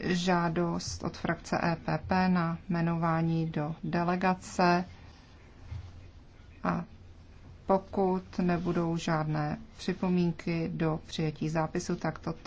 žádost od frakce EPP na jmenování do delegace a pokud nebudou žádné připomínky do přijetí zápisu, tak toto